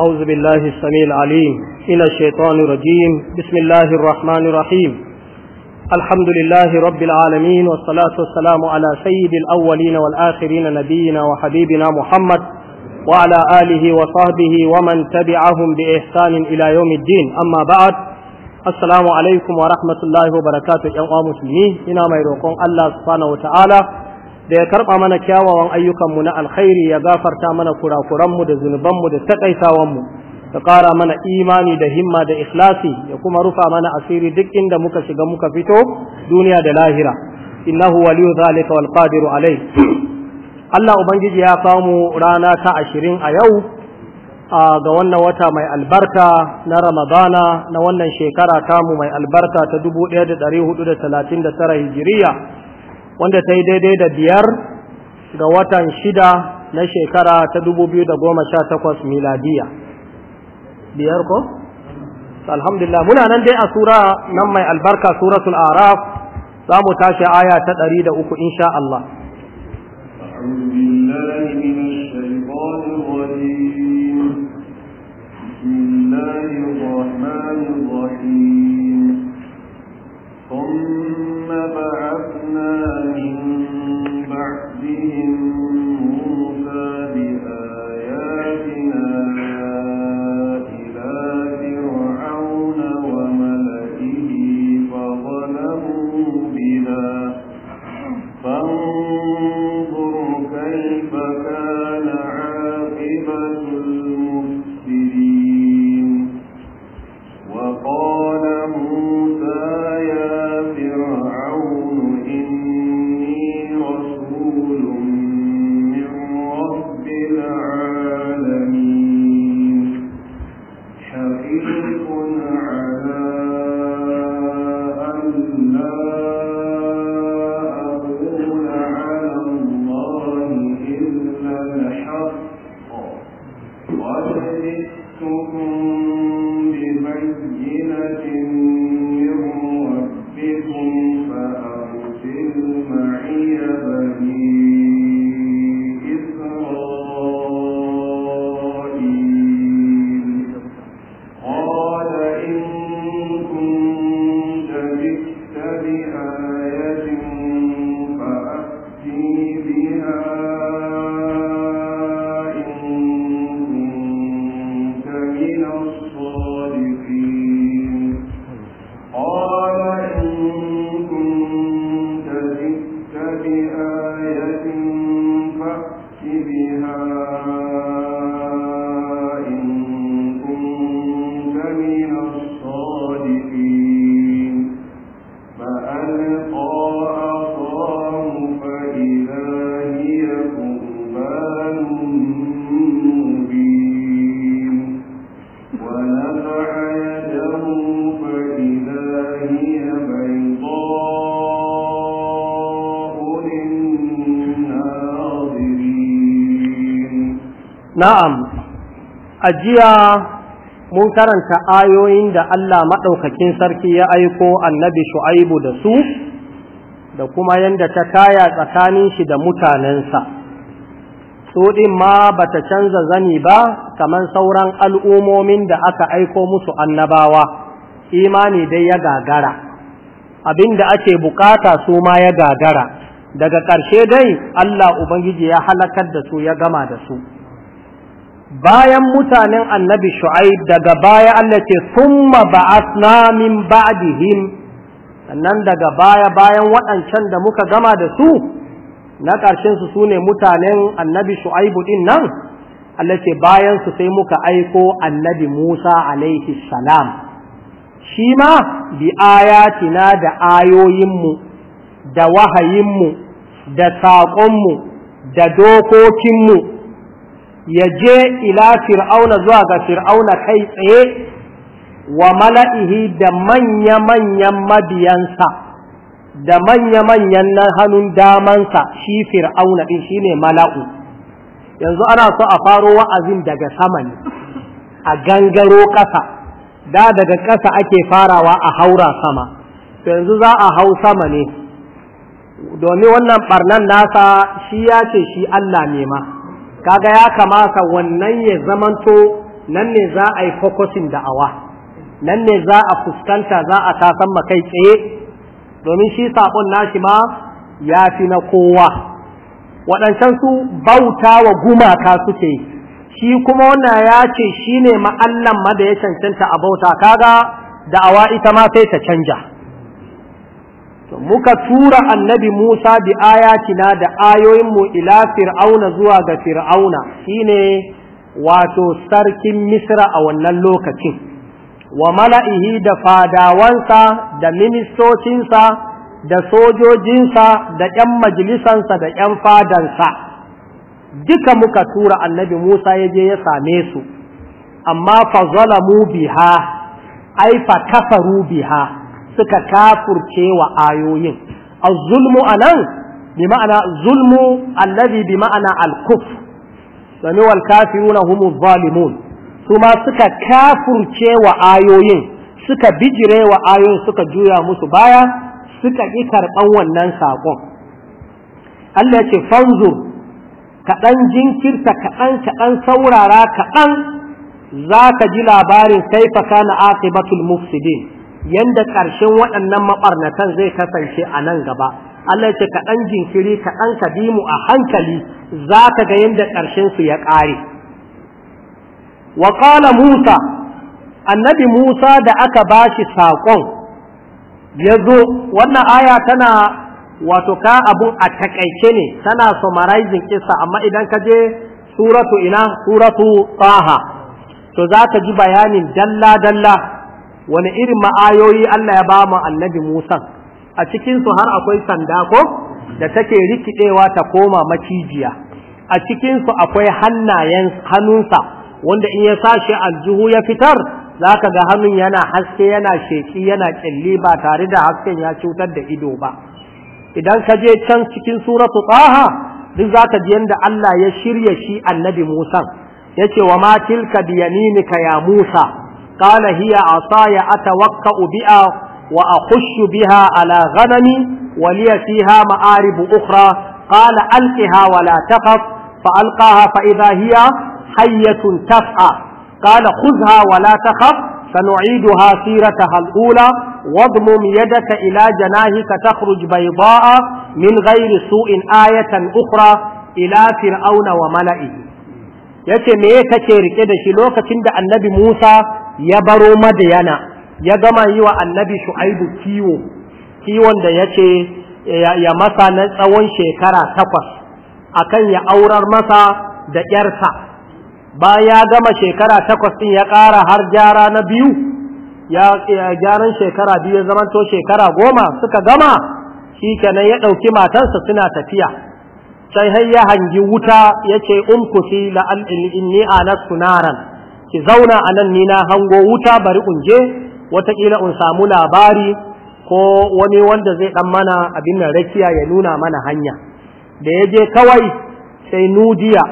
أعوذ بالله السميع العليم من الشيطان الرجيم بسم الله الرحمن الرحيم الحمد لله رب العالمين والصلاة والسلام على سيد الأولين والآخرين نبينا وحبيبنا محمد وعلى آله وصحبه ومن تبعهم بإحسان إلى يوم الدين أما بعد السلام عليكم ورحمة الله وبركاته يا مسلمين إنا ما يروقون الله سبحانه وتعالى da ya karɓa mana kyawawan ayyukanmu na alkhairi ya gafarta mana kurakuranmu da zunubanmu da taƙaitawanmu ya ƙara mana imani da himma da ikhlasi ya kuma rufa mana asiri duk inda muka shiga muka fito duniya da lahira innahu waliyu zalika wal qadiru alai Allah ubangiji ya samu rana ta ashirin a yau ga wannan wata mai albarka na Ramadana na wannan shekara tamu mai albarka ta 1439 hijiriya wanda ta yi daidai da biyar ga watan shida na shekara ta dubu biyu da goma sha takwas miladiya biyar ko? alhamdulillah muna nan dai a sura nan mai albarka suratul araf za mu tashi aya ta ɗari da uku insha Allah بسم الله الرحمن الرحيم بعثنا من بعدهم na'am a jiya mun karanta ayoyin da Allah maɗaukakin sarki ya aiko annabi shu'aibu da su da kuma yadda ta kaya tsakanin shi da mutanensa su ɗin ma ba ta canza zani ba kamar sauran al'umomin da aka aiko musu annabawa imani dai ya gagara abin da ake bukata su ma ya gagara daga ƙarshe dai Allah Ubangiji ya halakar da su ya gama da su bayan mutanen annabi shu'aib daga baya Allah ce summa ba'athna min ba'dihim sannan daga baya bayan waɗancan da muka gama da su na ƙarshen su sune mutanen annabi shu'aibu din nan Allah ce bayan su sai muka aiko annabi Musa alaihi salam shi ma bi ayatina da ayoyinmu da wahayinmu da saƙonmu da dokokinmu ya je ila fir'auna zuwa ga fir'auna kai tsaye wa mala'ihi da manya-manyan mabiyansa da manya-manyan na hannun damansa shi fir'auna ɗin shi ne mala'u yanzu ana so a faro wa'azin daga sama ne a gangaro ƙasa da daga ƙasa ake farawa a haura sama yanzu za a hau sama ne domin wannan ɓarnan nasa shi ya ce shi Allah ne ma kaga ya kamata wannan ya zamanto nan ne za a yi focusing da'awa nan ne za a fuskanta za a tasan kai tsaye domin shi saƙon nashi ma ya fi na kowa waɗancan su bauta wa gumaka suke shi kuma wannan ya ce shi ne ma'allan ma da ya cancanta a bauta kaga da'awa ita ma sai ta canja muka tura annabi Musa bi ayatina da ayoyinmu ila fir'auna zuwa ga fir'auna shine wato sarkin Misra a wannan lokacin wa mala'ihi da fadawansa da ministocinsa da sojojinsa da ‘yan majalisansa da ‘yan fadansa duka muka tura annabi Musa ya je ya same su amma fa zalamu biha ai fa kafaru biha suka kafurce wa ayoyin azulmu zulmu anan bi ma'ana zulmu allazi bi ma'ana al-kufr sami wal kafiruna humu zalimun kuma suka kafurce wa ayoyin suka bijire wa ayoyin suka juya musu baya suka ƙi karɓan wannan saƙon Allah ce fanzur kaɗan jinkirta kaɗan kaɗan saurara kaɗan za ka ji labarin kaifa na aqibatul mufsidin yanda ƙarshen waɗannan maɓarnatan zai kasance a nan gaba Allah ce ka ɗan jinkiri ka ɗan kadimu a hankali za ka ga yanda ƙarshen su ya ƙare wa qala Musa annabi Musa da aka bashi saƙon ya zo wannan aya tana wato ka abun a takaice ne tana summarizing kisa. amma idan ka je suratu ina suratu taha to za ka ji bayanin dalla dalla wani irin ma'ayoyi Allah ya ba mu annabi Musa a cikin su har akwai sanda ko da take rikidewa ta koma macijiya a cikin su akwai hannayen hannunsa wanda in ya sashi aljihu ya fitar zaka ga hannun yana haske yana sheki yana kyalli ba tare da hasken ya cutar da ido ba idan ka je can cikin suratu taha duk zaka ji yanda Allah ya shirya shi annabi Musa yace wa ma tilka biyaminika ya Musa قال هي عصاي أتوقع بها وأخش بها على غنمي ولي فيها مآرب أخرى قال ألقها ولا تخف فألقاها فإذا هي حية تسعى قال خذها ولا تخف سنعيدها سيرتها الأولى واضمم يدك إلى جناهك تخرج بيضاء من غير سوء آية أخرى إلى فرعون وملئه yace me kake rike da shi lokacin ya baro madiyana ya gama yi wa annabi shu'aibu kiwo kiwon da ya ya masa na tsawon shekara takwas akan ya aurar masa da ƴarsa Ba ya gama shekara takwas ɗin ya ƙara har jara na biyu ya gyaran shekara biyu ya zamanto shekara goma suka gama shi kenan ya ɗauki matarsa suna tafiya sai har ya hangi wuta ya ce umkusi la inni anastu naran ki zauna a nan ni na hango wuta bari in je wataƙila in samu labari ko wani wanda zai ɗan mana abin nan rakiya ya nuna mana hanya da ya je kawai sai nudiya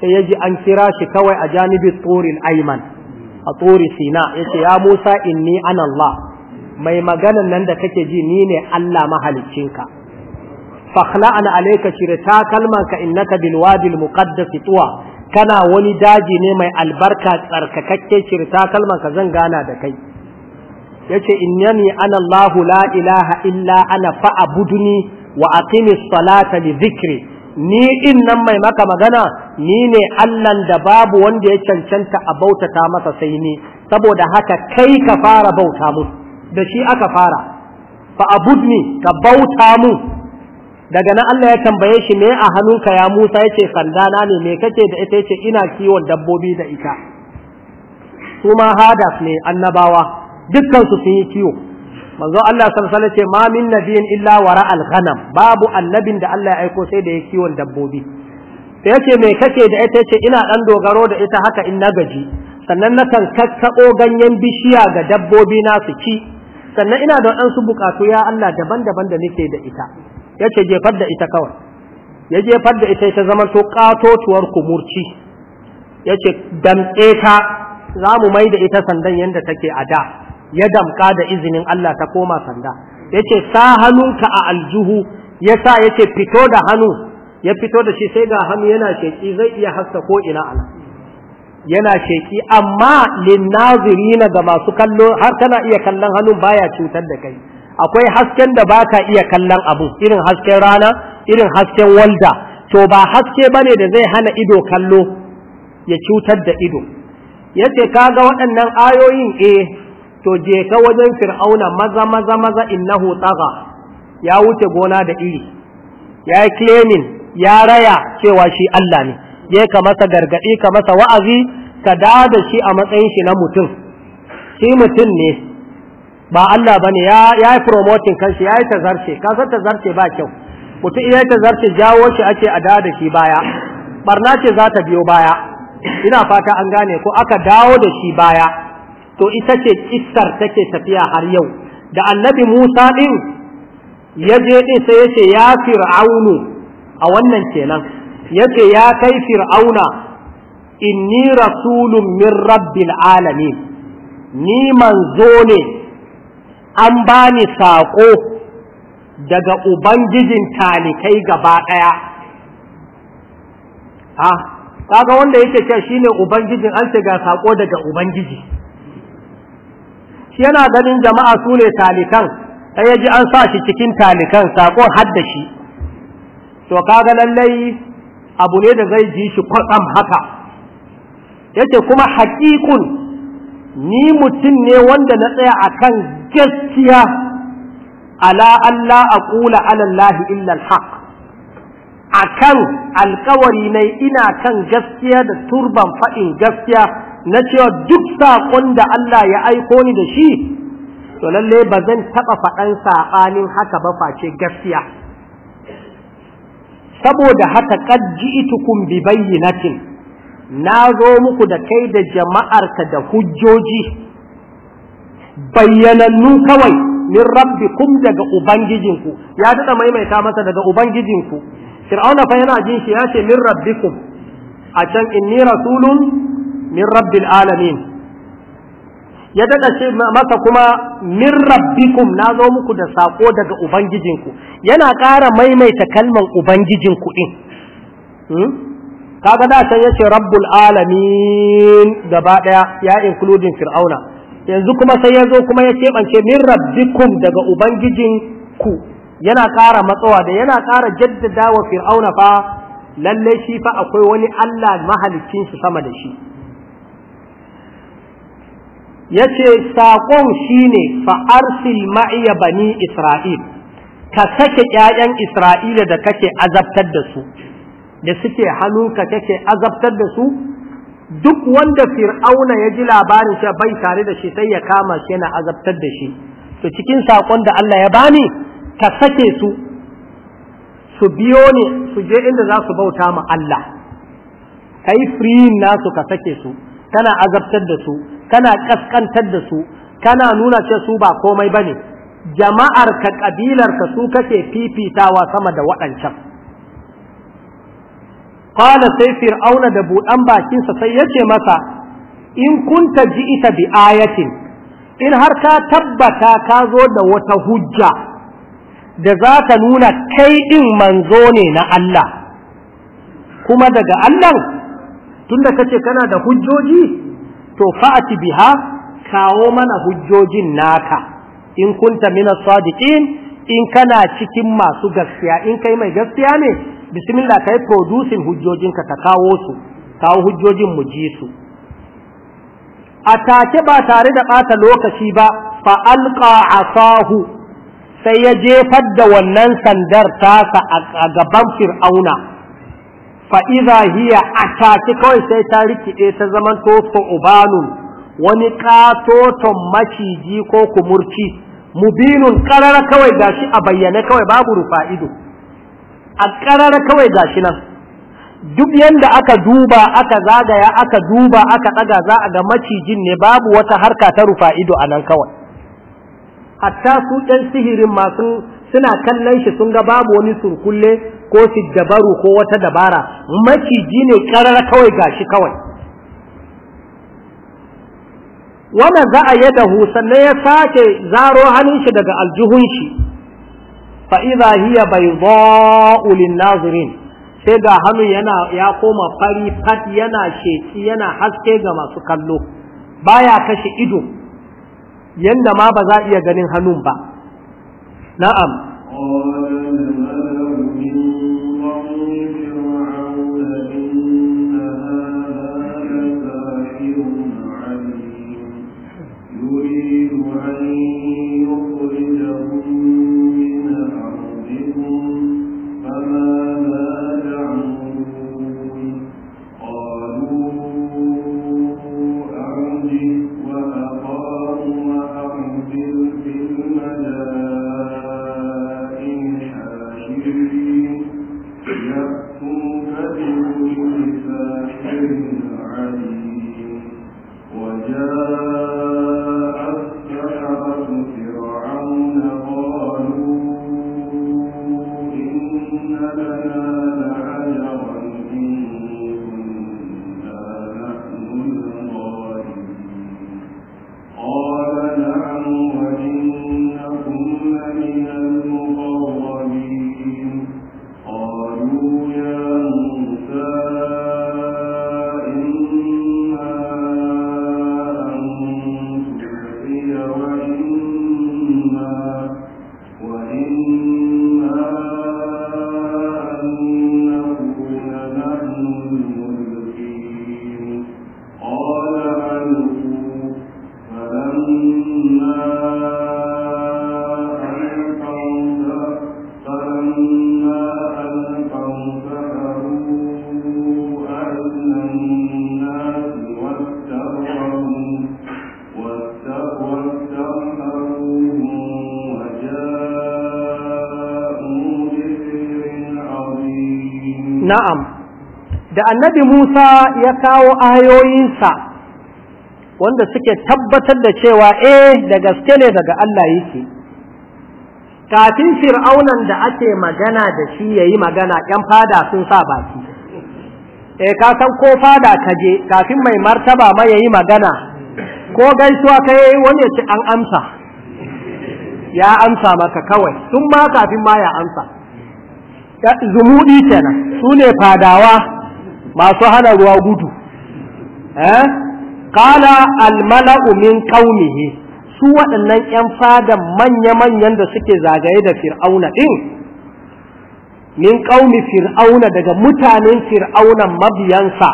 sai yaji an kira shi kawai a janibin turin aiman a turi sina ya ce ya musa inni an Allah mai maganan nan da kake ji ni ne Allah mahaliccinka ka an alayka shirta kalmanka innaka bil wadi kana wani daji ne mai albarka tsarkakakke shirta kalmar ka zan gana da kai yace innani ana Allah la ilaha illa ana fa'budni wa aqimis salata li dhikri ni in nan mai maka magana ni ne Allah da babu wanda ya cancanta a bautata masa sai ni saboda haka kai ka fara bauta mu da shi aka fara fa'budni ka bauta mu daga nan Allah ya tambaye shi me a hannunka ya Musa yace sanda ne me kake da ita yace ina kiwon dabbobi da ita kuma hadas ne annabawa dukkan su sun yi kiwo manzo Allah sallallahu alaihi wasallam yace ma min nabiyin illa wara al ghanam babu annabin da Allah ya aiko sai da ya kiwon dabbobi sai yace me kake da ita yace ina dan dogaro da ita haka in na gaji sannan nakan kakkabo ganyen bishiya ga dabbobi na su ci sannan ina da waɗansu bukatu ya Allah daban-daban da nake da ita yace jefar da ita kawai ya jefar da ita ta zama to katotuwar kumurci yace ce ta za mu mai da ita sandan yadda take a da ya damka da izinin Allah ta koma sanda yace ce sa hannunka a aljihu yasa yace fito da hannu ya fito da shi sai ga hannu yana sheƙi zai iya hasta ko ina ana yana sheƙi amma linnazirina ga masu kallo har kana iya kallon hannun baya cutar da kai akwai hasken da baka iya kallon abu irin hasken rana irin hasken walda to ba haske bane da zai hana ido kallo ya cutar da ido yace kaga waɗannan ayoyin eh to je ka wajen fir'auna maza maza maza innahu tagha ya wuce gona da iri ya yi claiming ya raya cewa shi Allah ne je ka masa gargadi ka masa wa'azi ka da shi a matsayin shi na mutum shi mutum ne ba Allah ba ne ya yi promoting kanshi ya yi tazarce kasar tazarce ba kyau mutum iya tazarce jawo shi ake a dawo da shi baya barna ce za ta biyo baya ina fata an gane ko aka dawo da shi baya to ita ce iskar take tafiya har yau da annabi musa din ya je din sai ya ce ya fir'aunu a wannan kenan ya ce ya kai fir'auna inni rasulun min rabbil alamin ni manzo ne an ba ni saƙo daga ubangijin talikai gaba ɗaya ha kaga wanda yake shi shine ubangijin an ce ga saƙo daga ubangiji shi yana ganin jama'a su ne talikan sai ya ji an sa shi cikin talikan saƙon hadda shi to kaga lallai abu ne da zai ji shi kwatsam haka yace kuma haƙiƙun ni mutum ne wanda na tsaya akan gaskiya ala Allah aqula ala Allah illa al a akan alkawari ne ina kan gaskiya da turban faɗin gaskiya na cewa duk saƙon da Allah ya aiko ni da shi to lalle ba zan taɓa faɗan saɓanin haka ba face gaskiya saboda haka qad ji'tukum bi bayyinatin na zo muku da kai da jama'arka da hujjoji bayyanannu kawai min rabbi kum daga ubangijinku ya dada maimaita masa daga ubangijinku fir'auna fa yana jin shi ya ce min rabbikum a can inni rasulun min rabbil alamin ya dada ce masa kuma min rabbikum na zo muku da sako daga ubangijinku yana ƙara maimaita kalman ubangijinku din hmm? kaga da can yace rabbul alamin gaba daya ya including fir'auna yanzu kuma sai ya zo kuma ya keɓance min rabbikum daga ubangijin ku yana ƙara matsawa da yana ƙara jaddada wa fir'auna fa lalle shi fa akwai wani Allah mahalicin shi sama da shi yace saƙon shine fa arsil ma'iya bani isra'il ka sake ƴaƴan isra'ila da kake azabtar da su da suke hannunka kake azabtar da su duk wanda fir'auna ya ji labarin sha bai tare da shi sai ya kama shi yana azabtar da shi to cikin sakon da Allah ya bani ka sake su su biyo ne su je inda za su bauta ma Allah kai free nasu ka sake su kana azabtar da su kana kaskantar da su kana nuna ce su ba komai bane jama'ar ka kabilar ka su kake fifitawa sama da waɗancan qala sai fir'auna da buɗan bakinsa sai yace masa in kunta ita bi ayatin in har ka tabbata ka zo da wata hujja da za ta nuna kai ɗin manzo ne na Allah kuma daga Allah tunda kace kana da hujjoji to fa'ati biha kawo mana hujjojin naka in kunta mina sadiqin in kana cikin masu gaskiya in kai mai gaskiya ne bismillah kai producing hujjojin ka kawo su kawo hujjojin mu ji su atake ba tare da bata lokaci ba fa alqa asahu sai ya jefar da wannan sandar tasa a gaban fir'auna fa idha hiya atake kawai sai ta rikide ta zaman to ubanun wani to maciji ko kumurci mubinun karara kawai gashi a bayyane kawai babu rufaidu a ƙarar kawai gashi nan duk yanda aka duba aka zagaya aka duba aka ɗaga za a ga macijin ne babu wata harka ta rufa ido a nan kawai hatta su ɗan sihirin masu suna kallon shi sun ga babu wani surkulle ko siddabaru ko wata dabara maciji ne ƙarar kawai gashi kawai wannan za a yadahu sannan ya sake zaro hannun shi daga aljihunshi shi fa bai hiya bayda'u lin sai ga hannu yana ya koma fari fat yana sheki yana haske ga masu kallo baya kashe ido yanda ma ba za iya ganin hannun ba na'am na'am da annabi Musa ya kawo ayoyinsa wanda suke tabbatar da cewa e da gaske ne daga Allah yake kafin fir'aunan da ake magana da shi ya yi magana yan fada sun sa baki E ka san ko fada ka je kafin mai martaba ma ya yi magana ko gaisuwa kai wani ya ce an amsa ya amsa maka kawai tun ma kafin ma ya amsa zumudi kenan su ne fadawa masu hana ruwa gudu eh kala almala'u min qaumihi su waɗannan 'yan fadan manya-manyan da suke zagaye da fir'auna ɗin min ƙaumi fir'auna daga mutanen fir'auna mabiyansa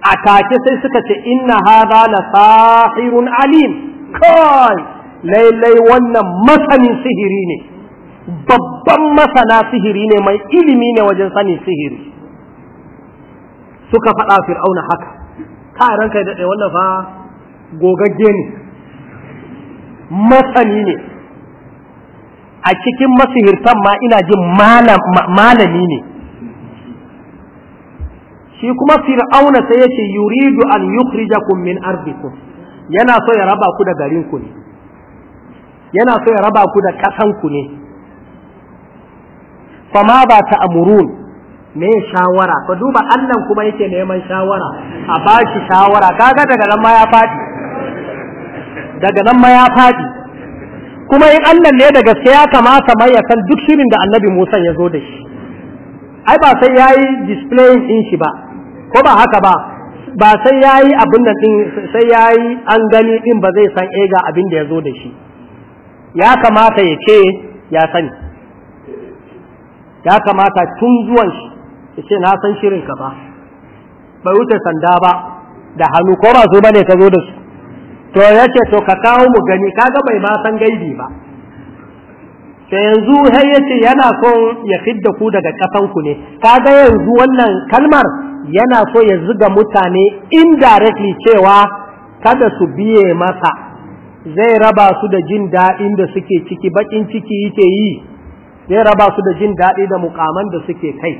a take sai suka ce inna hadha la sahirun alim kai lailai wannan masanin sihiri ne babban masana sihiri ne mai ilimi ne wajen sanin sihiri suka faɗa fir'auna haka ka ranka da wannan fa gogagge ne masani ne a cikin masihirtan ma ina jin malami ne shi kuma fir'auna sai yace yuridu an yukhrijakum min ardikum yana so ya raba ku da garin ku ne yana so ya raba ku da ƙasan ku ne fama ba ta amurun me shawara ka duba Allah kuma yake neman shawara a ba shi shawara kaga daga nan ma ya fadi daga nan ma ya fadi kuma in Allah ne da gaske ya kamata mai ya san duk shirin da Annabi Musa ya zo da shi ai ba sai yayi display din shi ba ko ba haka ba ba sai yayi abin nan din sai yayi an gani din ba zai san ega abin da ya zo da shi ya kamata ya ce ya sani ya kamata tun zuwan shi ya ce na san shirin ka ba bai wuce sanda ba da hannu ko ba su ne ka zo da su to ya ce to ka kawo mu gani kaga bai ma san gaibi ba sai yanzu har ya ce yana son ya fidda ku daga ƙasanku ne kaga yanzu wannan kalmar yana so ya zuga mutane indirectly cewa kada su biye masa zai raba su da jin daɗin da suke ciki baƙin ciki yake yi zai raba su da jin daɗi da mukaman da suke kai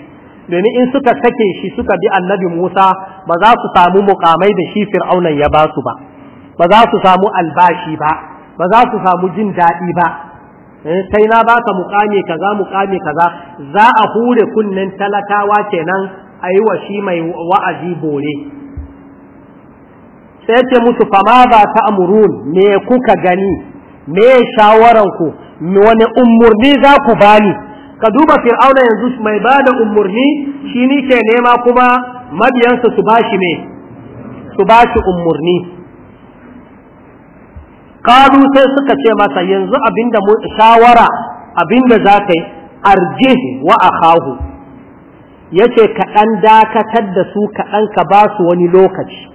domin in suka sake shi suka bi annabi Musa ba za su samu mukamai da shi Fir'aunan ya ba su ba ba za su samu albashi ba ba za su samu jin daɗi ba eh, sai na ba ka mukami kaza mukami kaza za a hure kunnen talakawa kenan a yi wa shi mai wa'azi bore sai ce musu fama ba ta amurun me kuka gani me shawaranku wani umurni za ku bani ka duba fir'auna yanzu mai ba da umurni shi ni ke nema kuma mabiyansa su bashi ne su bashi umurni kalu sai suka ce masa yanzu abinda mu shawara abinda za ka yi arjih wa akhahu yace ka dan dakatar da su kaɗan ka ba su wani lokaci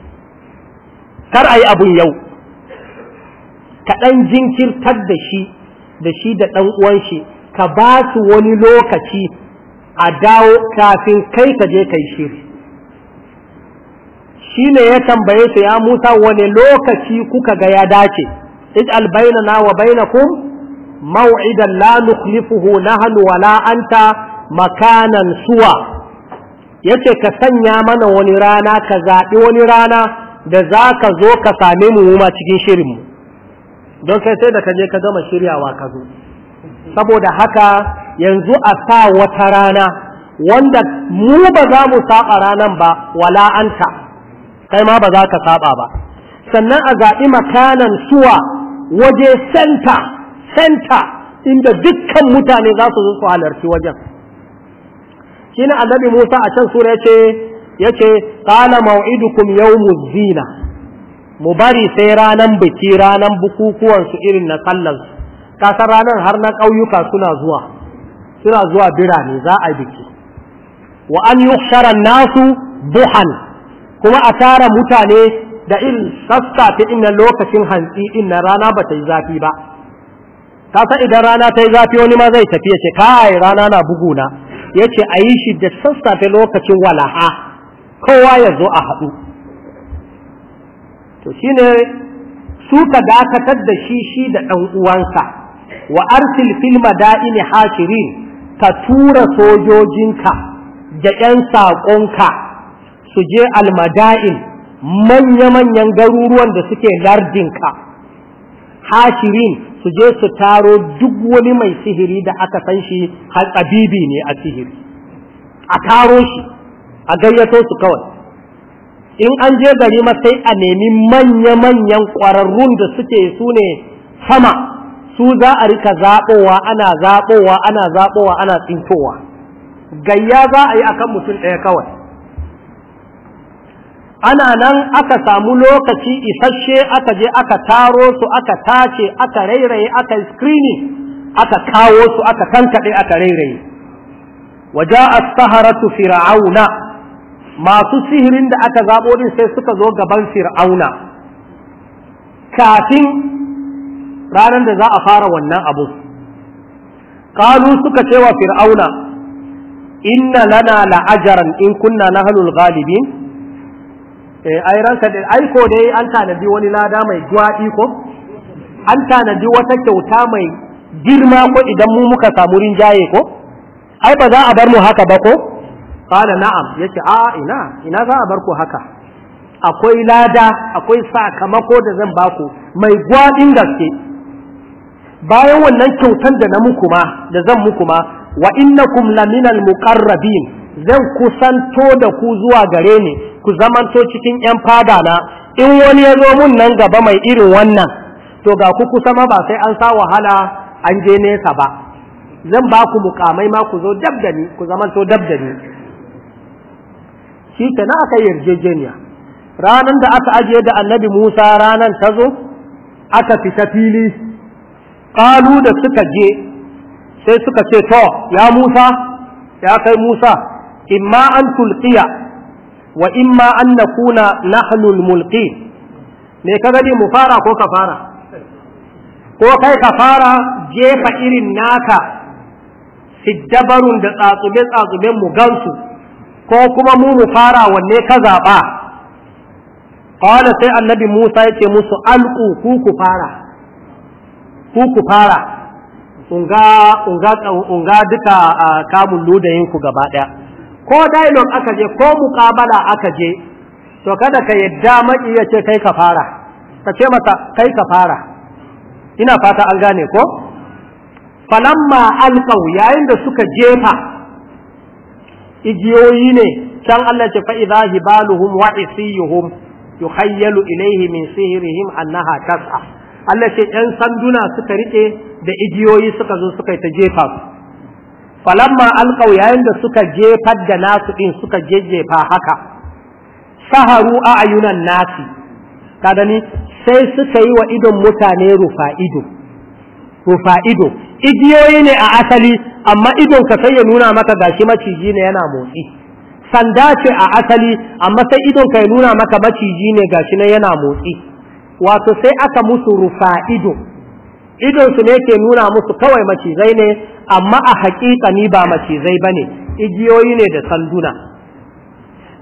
kar ayi abun yau kaɗan jinkirtar da shi da shi da ɗan uwan shi ka ba su wani lokaci a dawo kafin kai ka je kai shiri shi ne ya tambaye su ya musa wani lokaci kuka ga ya dace albaina na wa bainakum mau'idan la na nahnu wala anta makanan suwa yace ka sanya mana wani rana ka zaɓi wani rana da za ka zo ka same mu ma cikin shirinmu don kai sai da ka je ka gama shiryawa ka zo saboda haka yanzu a sa wata rana wanda mu ba za mu saba ranan ba wala anta kai ma ba za ka saba ba sannan a zaɓi makanan suwa waje senta senta inda dukkan mutane za su zo su halarci wajen shine annabi Musa a can sura yace yace qala maw'idukum yawmuz zina mu bari sai ranan biki ranan bukukuwan su irin na sallan su kasar ranar har na ƙauyuka suna zuwa suna zuwa birane za a biki wa an yuhshara nasu buhan kuma a tara mutane da irin sassafe inna lokacin hantsi inna rana ba ta yi zafi ba kasa idan rana ta yi zafi wani ma zai tafi ya ce kai rana na buguna ya ce a yi shi da sassafe lokacin walaha kowa ya zo a haɗu to shine su ka dakatar da shi shi da ɗan uwansa wa arsil fil madaini hashirin ka tura sojojinka da ƴan saƙonka su je almada'in manya-manyan garuruwan da suke lardinka hashirin su je su taro duk wani mai sihiri da aka san shi har ne a sihiri a taro shi a gayyato su kawai in an je gari ma sai a nemi manya-manyan ƙwararrun da suke su ne sama su za a rika zaɓowa ana zaɓowa ana zaɓowa ana tsintowa gayya za a yi akan mutum ɗaya kawai ana nan aka samu lokaci isasshe aka je aka taro su aka tace aka rairaye aka screening aka kawo su aka kankaɗe aka rairaye waja as-saharatu fir'auna masu sihirin da aka zaɓo ɗin sai suka zo gaban fir'auna kafin ranar da za a fara wannan abu kalu suka ce wa fir'auna inna lana la'ajaran in kunna na ghalibin galibin? Eh, ai ranka da aiko ne an tanadi wani lada mai gwaɗi ko an tanadi wata kyauta mai girma ko idan mu muka samu rinjaye ko ai ba za a bar mu haka ba ko Kala na'am ce, a ina ina za a bar ku haka akwai lada akwai sakamako da zan baku mai gwaɗin gaske bayan wannan kyautar da na muku ma da zan muku ma wa innakum laminal muƙarrabin zan kusanto da ku zuwa gare ni ku zamanto cikin yan fada na in wani ya zo mun nan gaba mai irin wannan to ga ku kusa ma ba sai an sa wahala an je nesa ba zan baku mukamai ma ku zo dab da ni ku zamanto dab da ni shi ke na aka yarjejeniya ranar da aka ajiye da annabi musa ranar ta zo aka fita fili ƙalu da suka je sai suka ce to ya musa ya kai musa imma an tulqiya wa imma an nakuna nahnul mulki me ka gani mu fara ko ka fara ko kai ka fara jefa irin naka siddabarun da tsatsube-tsatsuben mu gansu ko kuma mu mu fara wanne ka zaɓa qala sai annabi Musa ce musu alqu ku ku fara ku ku fara unga unga unga duka kamun ludayin ku gaba daya ko dialogue aka je ko muqabala aka je to kada ka yadda maki yace kai ka fara ka ce mata kai ka fara ina fata an gane ko falamma alqaw yayin da suka jefa igiyoyi ne can Allah ce fa idza hibaluhum wa isiyuhum yukhayyalu ilayhi min sihrihim annaha tas'a Allah ce yan sanduna suka rike da igiyoyi suka zo suka yi ta jefa su falamma alqaw yayin da suka jefar da nasu din suka jejjefa haka saharu a'yunan nasi kada ni sai suka yi wa idon mutane rufa ido rufa ido igiyoyi ne a asali amma idon ka sai ya nuna maka gashi maciji ne yana motsi sanda ce a asali amma sai idon ka ya nuna maka maciji ne gashi ne yana motsi wato sai aka musu rufa ido idon ne ke nuna musu kawai macizai ne amma a haƙiƙa ni ba macizai ba ne. igiyoyi ne da sanduna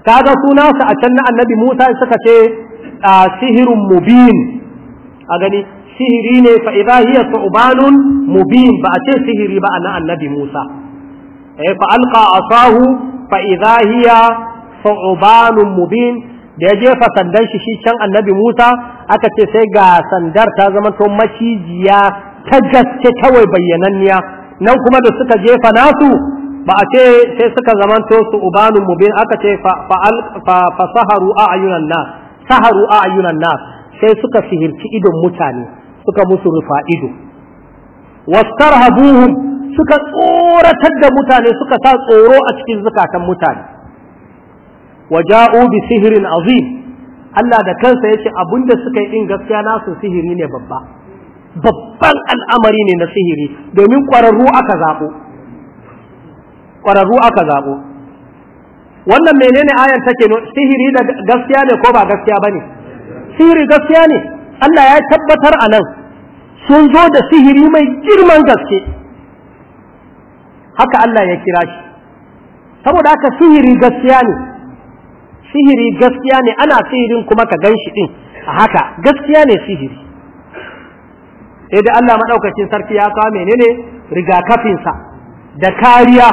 kaga suna su a can na annabi Musa suka ce ah, sihirin mubin a gani sihiri ne fa idza hiya thubanun mubin ba a ce sihiri ba na annabi Musa eh fa alqa asahu fa idza hiya thubanun mubin da ya jefa sandan shi shi can annabi Musa aka ce sai ga sandar ta zama to macijiya ta gaske kawai bayyananniya nan kuma da suka jefa nasu ba a ce sai suka zamanto su ubanun mubin aka ce fa saharu a ayyunan nas saharu a ayyunan nas sai suka sihirci idon mutane suka musu wastar wastarhabuhum suka tsoratar da mutane suka sa tsoro a cikin zukatan mutane waja'u bi sihirin azim Allah da kansa ce abinda suka yi ɗin gaskiya nasu sihiri ne babba babban al'amari ne na sihiri domin ƙwararru aka zaɓo ƙwararru aka zaɓo wannan menene ayar take sihiri da gaskiya ne ko ba gaskiya ba ne? sihiri gaskiya ne Allah ya tabbatar a nan sun zo da sihiri mai girman gaske haka Allah ya kira shi saboda haka sihiri gaskiya ne sihiri gaskiya ne ana sihirin kuma ka gan shi ɗin a haka gaskiya ne sihiri sai da Allah maɗaukacin sarki ya kawo menene rigakafinsa da kariya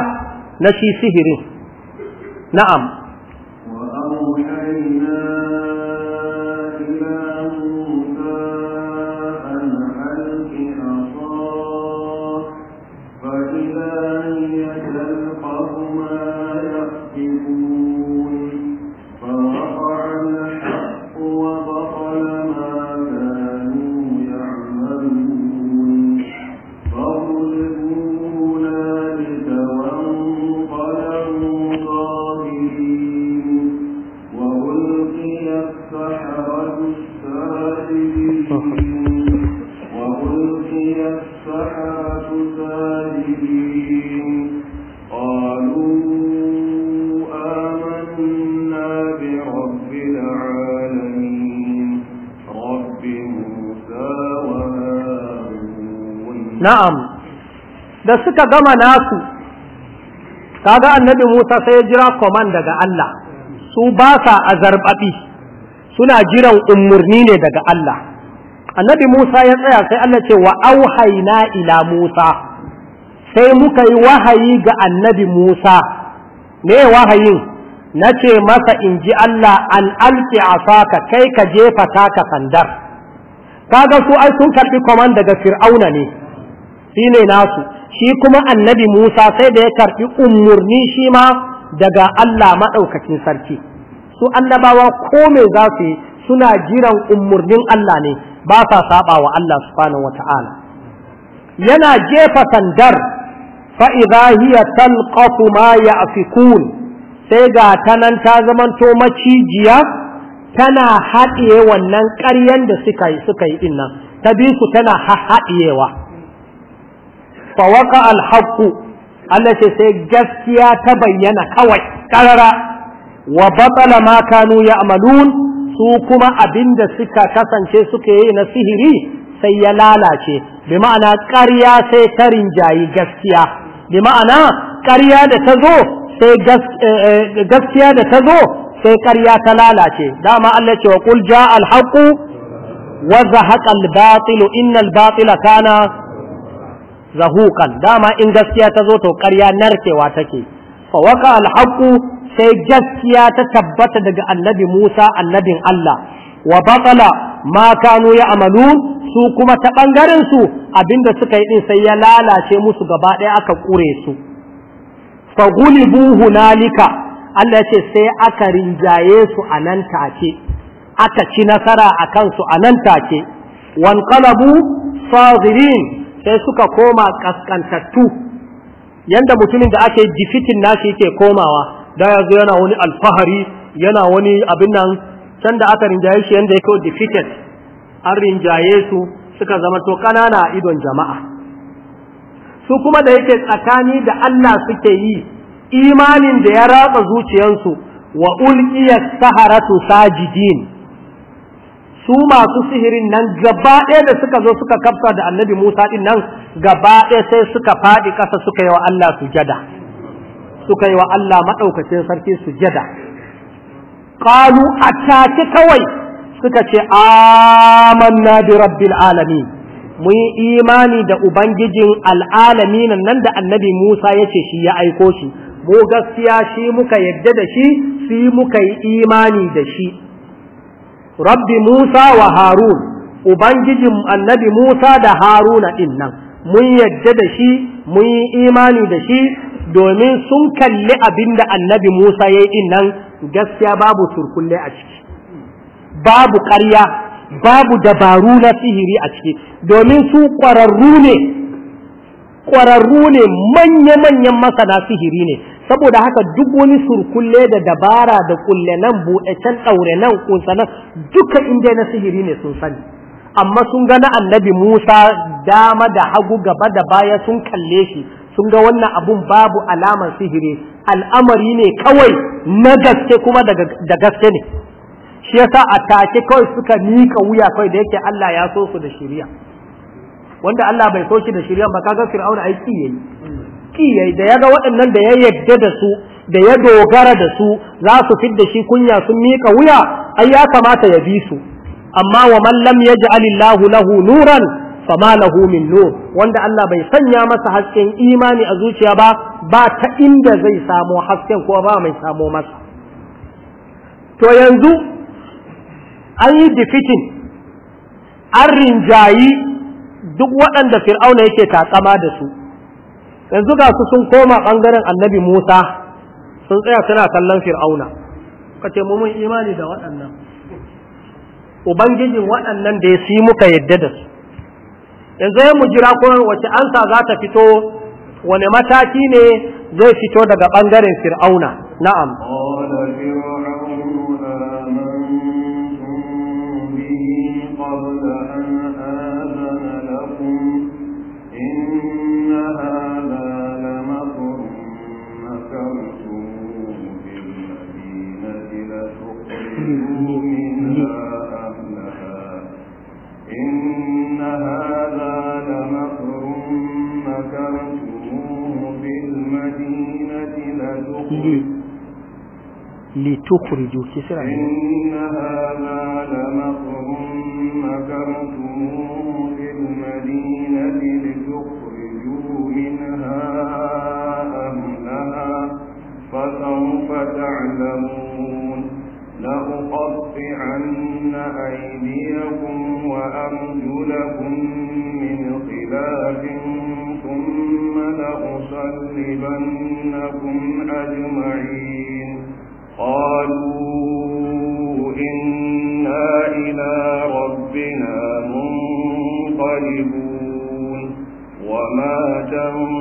na shi sihirin na'am na'am da suka gama nasu kaga annabi Musa sai ya jira command daga Allah su ba sa zarbaɓi suna jiran umarni ne daga Allah annabi Musa ya tsaya sai Allah ce wa auhayna ila Musa sai muka yi wahayi ga annabi Musa me wahayin nace masa in ji Allah an alki asaka kai ka jefa taka sandar kaga su ai sun karbi command daga Fir'auna ne Shi ne nasu shi kuma annabi Musa sai da ya karbi umurni shi ma daga Allah maɗaukacin sarki su annabawa ko mai za su yi suna jiran umurnin Allah ne ba sa saba wa Allah fana wata'ala yana jefa sandar fa tal hiya talqafu ma sai ga tanan ta zamanto macijiya tana haɗiye wannan ƙaryen da suka yi suka yi ta bi su tana haɗiyewa fawaka alhaku Allah ce sai gaskiya ta bayyana kawai karara wa batala ma kanu ya'malun su kuma abinda suka kasance suke yi na sihiri sai ya lalace bi ma'ana ƙarya sai ta rinjayi gaskiya bi ma'ana ƙarya da ta zo sai gaskiya da ta zo sai ƙarya ta lalace dama Allah ce wa qul ja'a al-haqqu wa zahaqa al innal kana zahukan dama in gaskiya ta zo to ƙarya narkewa take fa waka alhaqu sai gaskiya ta tabbata daga annabi Musa annabin Allah wa batala ma kanu ya'malun su kuma ta bangaren su abinda suka yi din sai ya lalace musu gaba ɗaya aka kure su fa gulibu hunalika Allah ce sai aka rinjaye su anan take aka ci nasara a kansu anan take wanqalabu fadirin sai suka koma kaskantattu yanda mutumin da ake difitin nashi yake komawa da ya zo yana wani alfahari yana wani abin nan can da aka rinjaye shi yanda yake defeated an rinjaye su suka zama to kanana idon jama'a su kuma da yake tsakani da Allah suke yi imanin da ya ratsa zuciyansu wa ulqiya saharatu sajidin su masu sihirin nan gaba ɗaya da suka zo suka kafsa da annabi Musa ɗin nan gaba ɗaya sai suka faɗi ƙasa suka yi wa Allah sujada suka yi wa Allah maɗaukacin sarki sujada qalu atake kawai suka ce amanna bi rabbil alamin mu yi imani da ubangijin al'alamin nan da annabi Musa yace ce shi ya aiko shi mu gaskiya shi muka yadda da shi shi muka yi imani da shi rabbi Musa wa Harun ubangijin annabi Musa da Haruna din nan mun yadda da shi mun yi imani da shi domin sun kalli abinda annabi Musa ya yi gaskiya babu surkulle a ciki babu ƙarya babu dabaru na sihiri a ciki domin su ƙwararru ne ƙwararru ne manya-manyan masana sihiri ne saboda haka duk wani surkulle da dabara da kulle nan buɗe can ɗaure nan kunsa nan duka inda na sihiri ne sun sani amma sun ga na annabi Musa dama da hagu gaba da baya sun kalle shi sun ga wannan abun babu alamar sihiri al'amari ne kawai na gaske kuma da gaske ne shi yasa a take kawai suka mika wuya kawai da yake Allah ya so su da shirya. wanda Allah bai so shi da shirya ba kaga Fir'auna aiki yayi ƙi da ya ga waɗannan da ya yadda da su da ya dogara da su za su fidda shi kunya sun miƙa wuya ai ya kamata ya bi su amma wa man lam yaj'al Allahu lahu nuran ma lahu min nur wanda Allah bai sanya masa hasken imani a zuciya ba ba ta inda zai samu hasken ko ba mai samu masa to yanzu an yi defeating an rinjayi duk waɗanda fir'auna yake takama da su yanzu ga su sun koma ɓangaren annabi Musa sun tsaya suna kallon Fir'auna kace mu mun imani da waɗannan ubangijin waɗannan da ya si muka yadda da su yanzu mu jira ko wace ansa za ta fito wane mataki ne zai fito daga ɓangaren Fir'auna na'am لتخرجوا كسرا إن هذا لمقر مكرتموه في المدينة لتخرجوا منها أهلها فسوف تعلمون لأقطعن أيديكم وأرجلكم من خلاف ثم لأصلبنكم أجمعين قالوا إنا إلى ربنا منقلبون وما تنظرون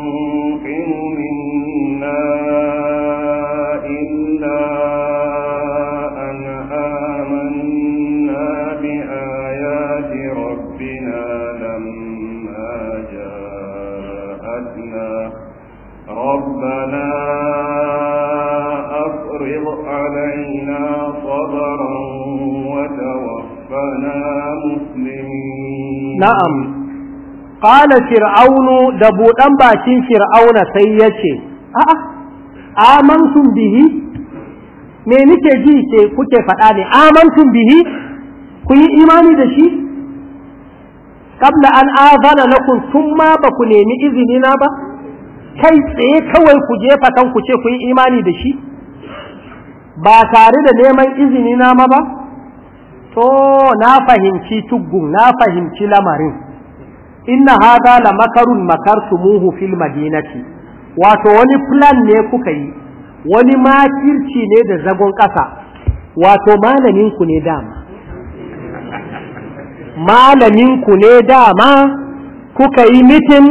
na'am qala fir'aunu da budan bakin fir'auna sai yace a'a amantum bihi me nike ji ke kuke faɗa ne amantum bihi ku yi imani da shi kabla an azana lakum thumma ba ku nemi izini na ba kai tsaye kawai ku je fatan ku ce ku yi imani da shi ba tare da neman izini na ba to na fahimci tuggun na fahimci lamarin inna hada la makarun makartumuhu fil madinati wato wani plan ne kuka yi wani makirci ne da zagon ƙasa wato ku ne dama ku ne dama kuka yi mitin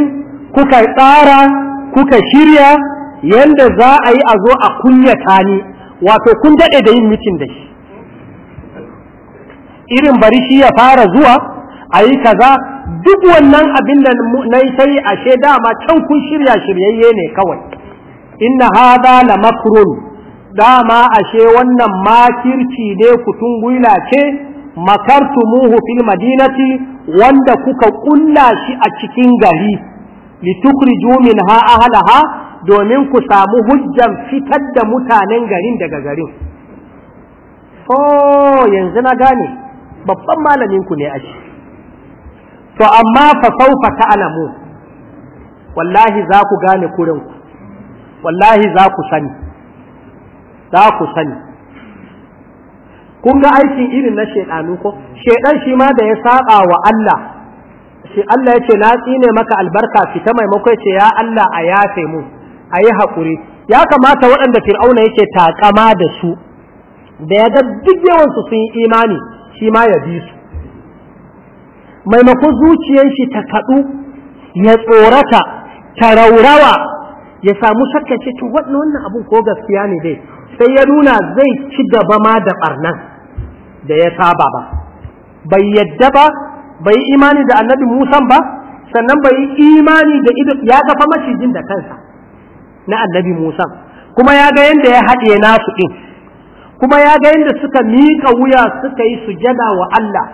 kuka tsara kuka shirya yanda za a yi a zo a kunyata ni wato kun daɗe da yin mitin da shi irin bari shi ya fara zuwa a yi kaza duk wannan abin da na yi sai ashe dama can kun shirya shiryayye ne kawai inna hada la makrun dama ashe wannan makirci ne kutun gwila ce makartumuhu fil madinati wanda kuka kulla shi a cikin gari litukhriju minha ahlaha domin ku samu hujjan fitar da mutanen garin daga garin oh yanzu na gane babban malamin ku ne a to amma fa saufa ta'lamu wallahi za ku gane kurin ku wallahi za ku sani za ku sani kun ga aikin irin na shedanu ko shedan shi ma da ya saba wa Allah shi Allah ya ce na tsine maka albarka fita maimako ce ya Allah a yafe mu a yi haƙuri ya kamata waɗanda fir'auna yake taƙama da su da ya ga duk yawansu sun yi imani shi ma ya bi su maimakon zuciyar shi ta kaɗu ya tsorata ta raurawa ya samu shakka ce to wannan abun ko gaskiya ne dai sai ya nuna zai ci gaba ma da ɓarnan da ya saba ba bai yadda ba bai yi imani da annabi musan ba sannan bai yi imani da ido ya kafa macijin da kansa na annabi musan kuma ya ga yadda ya haɗe nasu ɗin kuma ya ga yadda suka miƙa wuya suka yi sujada wa Allah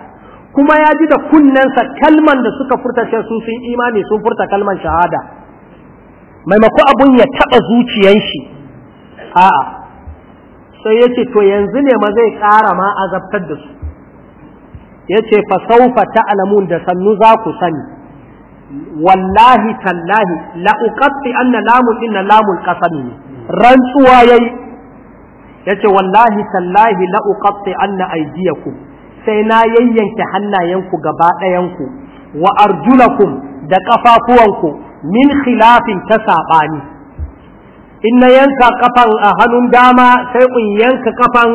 kuma ya ji da kunnensa kalman da suka furta shi su sun imani sun furta kalman shahada maimako abun ya taɓa zuciyan shi a'a sai yace to yanzu ne ma zai ƙara ma azabtar da su yace fa sawfa ta'lamun da sannu za ku sani wallahi tallahi la uqatti anna lamun inna lamun qasami rantsuwa yayi yace wallahi tallahi la uqatti anna aydiyakum sai na yayyanke hannayenku gaba ɗayanku wa arjulakum da ƙafafuwanku min khilafin ta saɓani in na yanka ƙafan a hannun dama sai in yanka kafan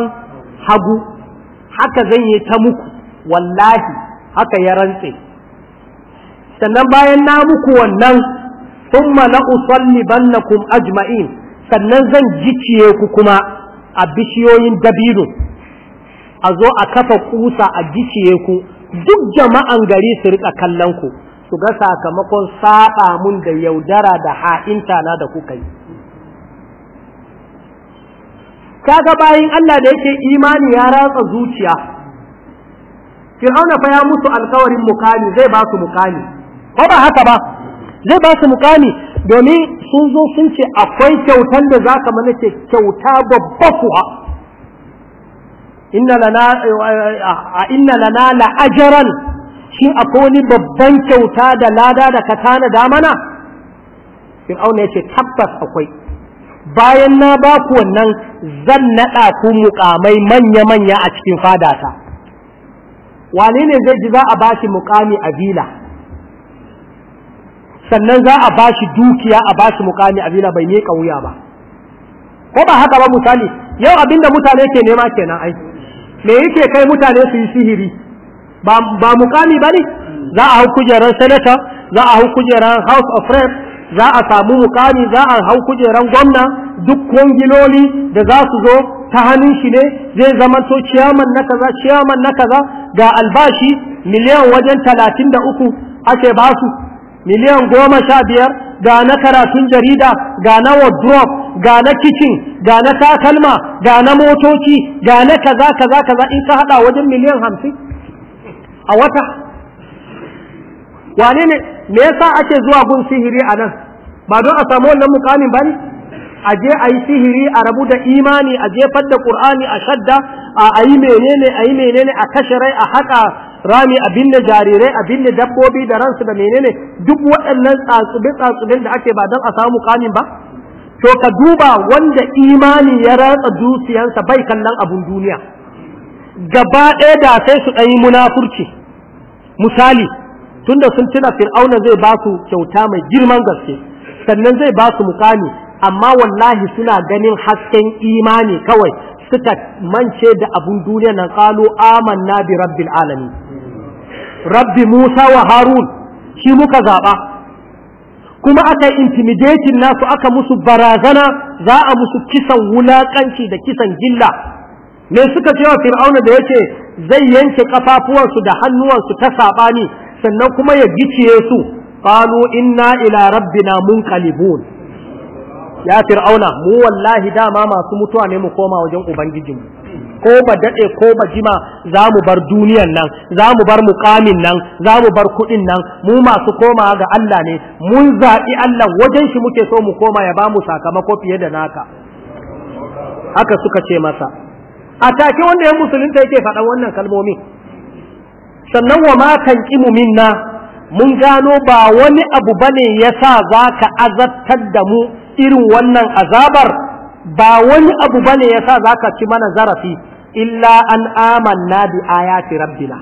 hagu haka zan yi ta muku wallahi haka ya rantse sannan bayan na muku wannan thumma la usallibannakum ajma'in sannan zan giciye ku kuma a bishiyoyin dabino a zo a kafa kusa a gishiye ku duk jama'an gari su rika kallon ku su ga sakamakon saba mun da yaudara da ha'inta na da kuka yi kaga bayan Allah da yake imani ya ratsa zuciya Fir'auna fa ya musu alkawarin mukani zai ba su mukani ko ba haka ba zai ba su mukami domin sun zo sun ce akwai kyautan da za ka mana ce kyauta babba kuwa inna lana la'ajaran shin akwai wani babban kyauta da lada da ka tana da mana fir'auna ya ce tabbas akwai bayan na ba ku wannan zan naɗa ku mukamai manya-manya a cikin fadata wane ne zai ji za a bashi mukami a vila sannan za a shi dukiya a bashi mukami abina bai ne wuya ba ko ba haka ba misali yau abinda mutane ke nema kenan ai me yake kai mutane su yi sihiri ba ba mukami bane za a hau kujeran senator za a hau kujeran house of rep za a samu mukami za a hau kujeran gwamna duk kungiloli da za su zo ta hannun shi ne zai zamanto ciyaman na kaza ciyaman na kaza ga albashi miliyan wajen talatin da uku ake basu miliyan goma sha biyar ga na karatun jarida ga na wardrobe ga na kicin ga na takalma ga na motoci ga na kaza kaza kaza in ka hada wajen miliyan hamsin a wata wane ne me yasa ake zuwa gun sihiri a nan ba don a samu wannan mukamin ba ne a je a yi sihiri a rabu da imani a jefar da qur'ani a shadda a ayi menene a yi menene a kashe rai a haka rami abin da jarirai abin da dabbobi da ransu da menene duk waɗannan tsatsubin tsatsubin da ake ba don a samu kamin ba to ka duba wanda imani ya ratsa dusiyansa bai kallon abun duniya gaba ɗaya da sai su ɗanyi munafurci misali tunda sun tuna fir'auna zai ba su kyauta mai girman gaske sannan zai ba su mukami amma wallahi suna ganin hasken imani kawai suka mance da abun duniya nan qalu amanna bi rabbil alamin rabbi Musa wa Harun shi muka zaba kuma aka intimidating nasu aka musu barazana za a musu kisan wulakanci da kisan gilla me suka cewa fir'auna da yake zai yanke kafafuwansu da hannuwansu ta sabani sannan kuma ya giciye su qalu inna ila rabbina munqalibun ya fir'auna mu wallahi dama masu mutuwa ne mu koma wajen ubangijinmu ko ba daɗe ko ba jima za mu bar duniyan nan za mu bar mukamin nan za mu bar kuɗin nan mu masu koma ga Allah ne mun zaɓi Allah wajen shi muke so mu koma ya ba mu sakamako fiye da naka haka suka ce masa a take wanda ya musulunta yake faɗa wannan kalmomin sannan wa ma kimumin minna mun gano ba wani abu bane yasa zaka azabtar da mu irin wannan azabar ba wani abu bane za ka ci mana zarafi illa an amanna bi ayati rabbina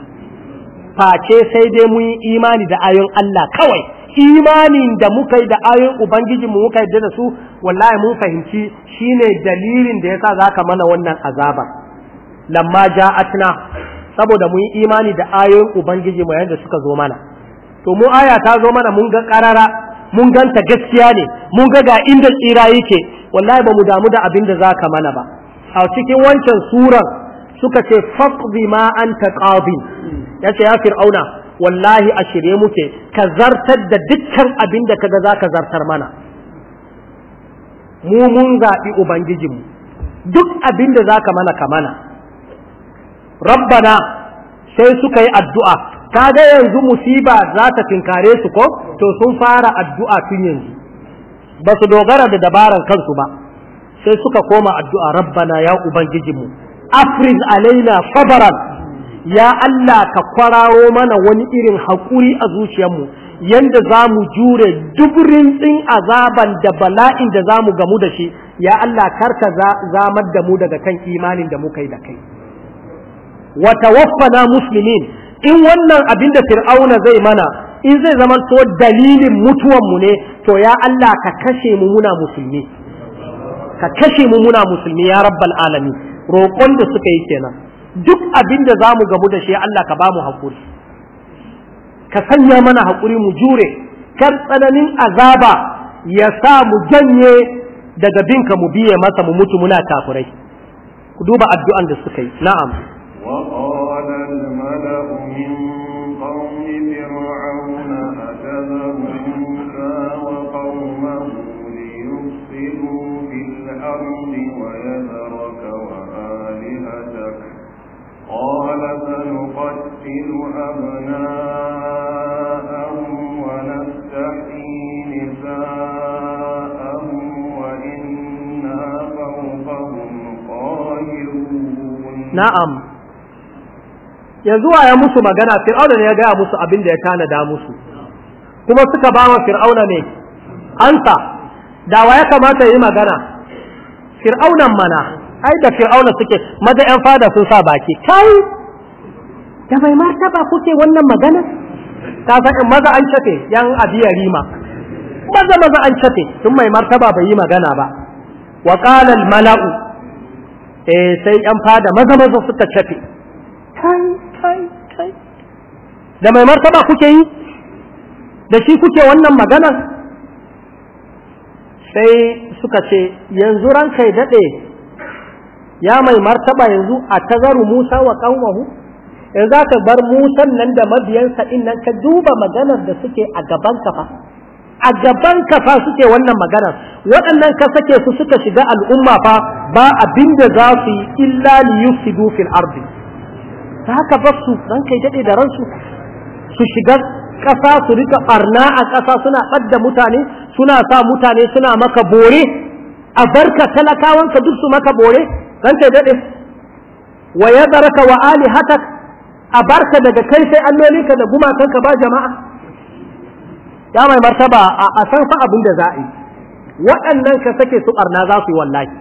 face sai dai mun yi imani da ayoyin Allah kawai imanin da muka yi da ayoyin ubangijin mu muka yarda da su wallahi mun fahimci shine dalilin da yasa ka mana wannan azabar lamma ja'atna saboda mun yi imani da ayoyin ubangiji mu yayin suka zo mana to mu aya ta zo mana mun ga karara mun ganta gaskiya ne mun ga ga inda tsira yake wallahi ba mu damu da abin da za ka mana ba a cikin wancan suran suka ce faqdi ma anta qadi ce ya fir'auna wallahi a shirye muke ka zartar da dukkan abin da kaga za ka zartar mana mu mun zaɓi ubangijinmu duk abin da za ka mana ka mana rabbana sai suka yi addu'a ga yanzu musiba za ta tinkare su ko to sun fara addu'a tun yanzu ba su dogara da dabaran kansu ba sai suka koma addu'a rabbana ya ubangijinmu afriz alaina sabaran ya Allah ka kwararo mana wani irin haƙuri a zuciyarmu yanda za mu jure duk rintsin azaban da bala'in da za mu gamu da shi ya Allah karka zamar da mu daga kan imanin da muka yi da kai wa tawaffana muslimin in wannan abin da fir'auna zai mana in zai zama to dalilin mutuwanmu ne to ya Allah ka kashe mu muna musulmi ka kashe mu muna musulmi ya rabbal alami. roƙon da suka yi kenan duk abin da zamu gamu da shi Allah ka bamu haƙuri, ka sanya mana hakuri mu jure kar tsananin azaba ya sa mu janye daga binka mu biye masa mu mutu muna kafurai ku duba addu'an da suka yi na'am Na'am, yanzu wa yanzu ya musu magana fir'auna ne ya gaya musu abin da ya tanada musu kuma suka ba wa fir'auna ne ansa dawa ya kamata ya yi magana fir'aunan mana ai da fir'auna suke maza yan fada sun sa baki kai da bai martaba kuke wannan magana ta faɗin maza an cafe yan abiya rima maza maza an cafe tun mai martaba bai yi magana ba wa qala mala'u eh sai yan fada maza maza suka cafe kai kai kai da mai martaba kuke yi da shi kuke wannan maganar sai suka ce yanzu ranka ya daɗe ya mai martaba yanzu a tazaru musa wa ƙanwahu. in za ka bar musan nan da mabiyansa in nan ka duba maganar da suke a gaban kafa a gaban kafa suke wannan maganar waɗannan ka sake su suka shiga al'umma fa ba abin da za su yi illa li yufsidu fil ardi ta haka ba su dan kai dade da ransu su shiga ƙasa su rika barna a ƙasa suna ɓadda mutane suna sa mutane suna maka bore a barka talakawanka duk su maka bore dan kai dade wa yadaraka wa alihatak a barka daga kai sai alloli ka da ka ba jama'a ya mai martaba a san fa abin da za a yi waɗannan ka sake su arna za su yi wallahi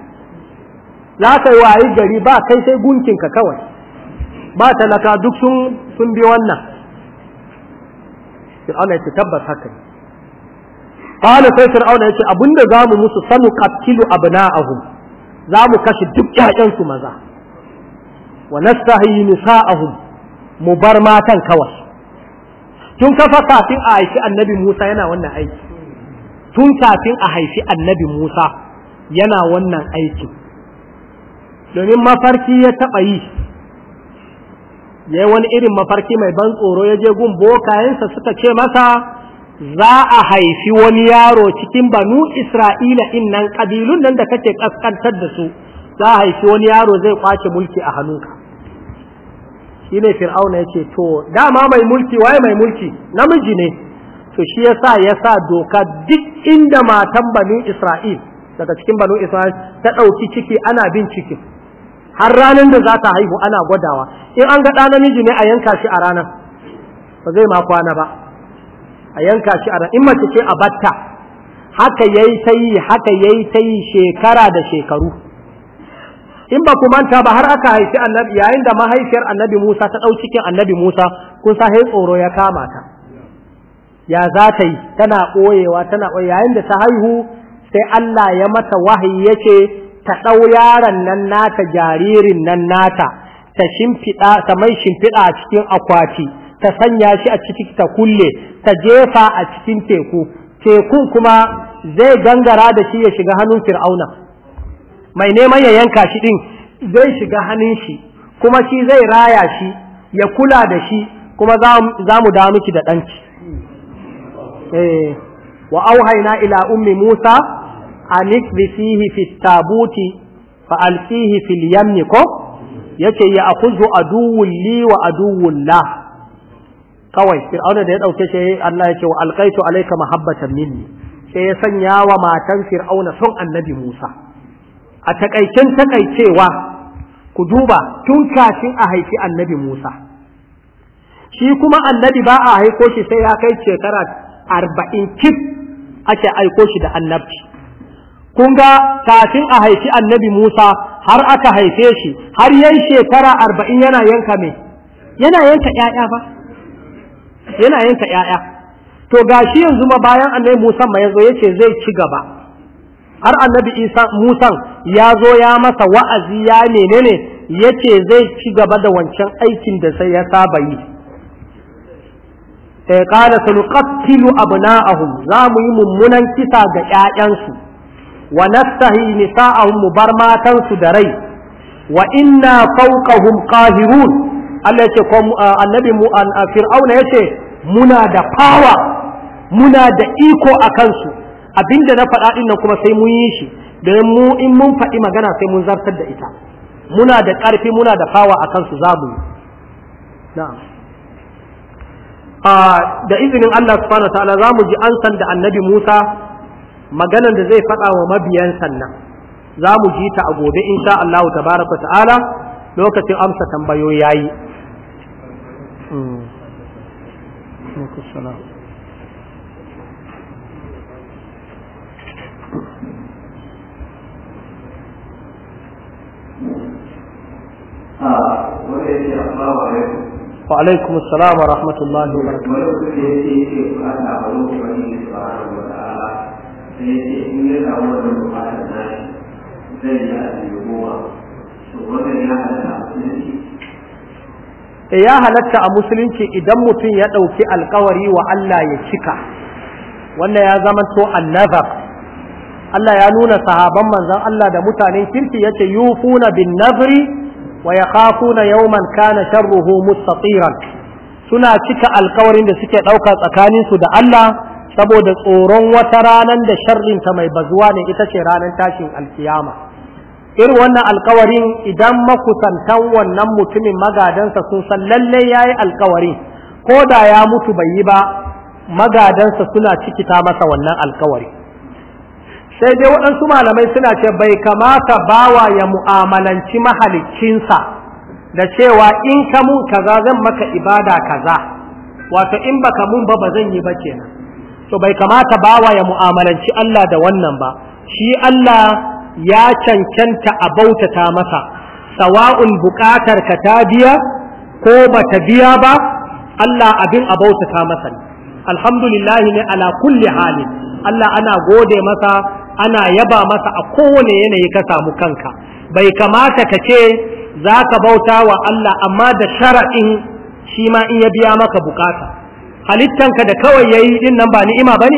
za ka yi wayi gari ba kai sai gunkin ka kawai ba talaka duk sun sun bi wannan fir'auna ya ce tabbas haka ne qala sai fir'auna ya ce abinda zamu musu sanu qatilu abna'ahum zamu kashe duk ƴaƴansu maza wa nastahi nisa'ahum mu bar matan kawai tun kafa kafin a haifi annabi Musa yana wannan aiki tun kafin a haifi annabi Musa yana wannan aiki domin mafarki ya taɓa yi ya wani irin mafarki mai ban tsoro ya je gun bokayensa suka ce masa za a haifi wani yaro cikin banu Isra'ila innan ƙabilun nan da kake ƙasƙantar da su za a haifi wani yaro zai kwace mulki a hannunka ne fir'auna ya ce to dama mai mulki waye mai mulki namiji ne to shi ya sa doka duk inda matan banu Isra'il daga cikin banu Isra'il ta ɗauki ciki ana bin ciki har ranar da za ta haihu ana gwadawa in an ga ɗan namiji ne a yanka shi a ranar ba zai ma kwana ba a yanka shi a ranar in mace ce a batta haka yayi ta yi haka yayi ta yi shekara da shekaru in ba ku manta ba har aka haifi annabi yayin da mahaifiyar annabi Musa ta ɗau cikin annabi Musa kun sa tsoro ya kama ta ya za ta yi tana ɓoyewa tana ɓoye yayin da ta haihu sai Allah ya mata wahayi yake ta ɗau yaron nan nata jaririn nan nata ta shimfiɗa ta mai shimfiɗa a cikin akwati ta sanya shi a ciki ta kulle ta jefa a cikin teku tekun kuma zai gangara da shi ya shiga hannun fir'auna mai neman ya yanka shi ɗin? zai shiga hannun shi kuma shi zai raya shi ya kula da shi kuma za mu dawo miki da ɗanki eh wa ila ummi musa an ikbisihi fi tabuti fa alfihi fil yamni ko yace ya akuzu aduwwul li wa aduwwul la kawai fir'auna da ya dauke shi Allah yake wa alqaitu alayka mahabbatan minni sai ya sanya wa matan fir'auna son annabi Musa a takaicen takaicewa ku duba tun kafin a haifi annabi Musa shi kuma annabi ba a haiko shi sai ya kai shekara arba'in kif ake aiko shi da annabci kun ga kafin a haifi annabi Musa har aka haife shi har yan shekara arba'in yana yanka mai? yana yanka ƴaƴa ba yana yanka ƴaƴa to gashi yanzu ma bayan annabi Musa ma yanzu yace zai ci gaba har annabi isa musan ya zo ya masa wa'azi ya menene ce zai ci gaba da wancan aikin da sai ya saba yi eh qala abu abna'ahum za mu yi mummunan kisa ga 'ya'yansu, wa nastahi nisa'ahum mu bar matansu da rai wa inna fawqahum qahirun Allah ce ko ah, annabi mu an ah, fir'auna yace muna da power muna da iko a kansu. abinda na faɗa ɗin nan kuma sai mun yi shi don mu in mun faɗi magana sai mun zartar da ita muna da ƙarfi muna da fawa a kansu za mu yi. Ah, da izinin Allah subhanahu ta'ala za mu ji an da annabi Musa maganan da zai faɗa wa mabiyan sannan za mu ji ta a gobe insha Allah tabaraka ta'ala lokacin amsa tambayoyi yayi. Mm. wa alaikum assalam wa rahmatullahi wa barakatuh ya halarta eh, a musulunci idan mutum ya ɗauki alkawari wa Allah ya cika wanda ya zama to annazar Allah ya nuna sahaban manzan Allah da mutanen kirki yace yufuna bin nazri yauman yakhafuna yawman kana sharruhu mustatiran suna cika alkawarin da suke ɗaukar tsakaninsu da Allah saboda tsoron wata ranar da sharrinta mai bazuwa ne ita ce ranar tashin alkiyama irin wannan alkawarin idan makusantan wannan mutumin magadansa sun san lallai ya yi alkawarin ko da ya mutu bai yi ba magadansa suna cikita masa wannan alkawari sai dai waɗansu malamai suna ce bai kamata bawa ya mu'amalanci mahalicinsa da cewa in ka mun kaza zan maka ibada kaza wato in baka mun ba ba zan yi ba kenan to bai kamata bawa ya mu'amalanci Allah da wannan ba shi Allah ya cancanta a bautata masa sawa'un buƙatar ka ta biya ko bata biya ba Allah abin a bautata masa ne alhamdulillah ne ala kulli hali Allah ana gode masa ana yaba masa a kowane yanayi ka samu kanka bai kamata ka ce za ka bauta wa Allah amma da shara'in shi ma in ya biya maka bukata halittanka da kawai ya yi din nan ba ni'ima ba ne?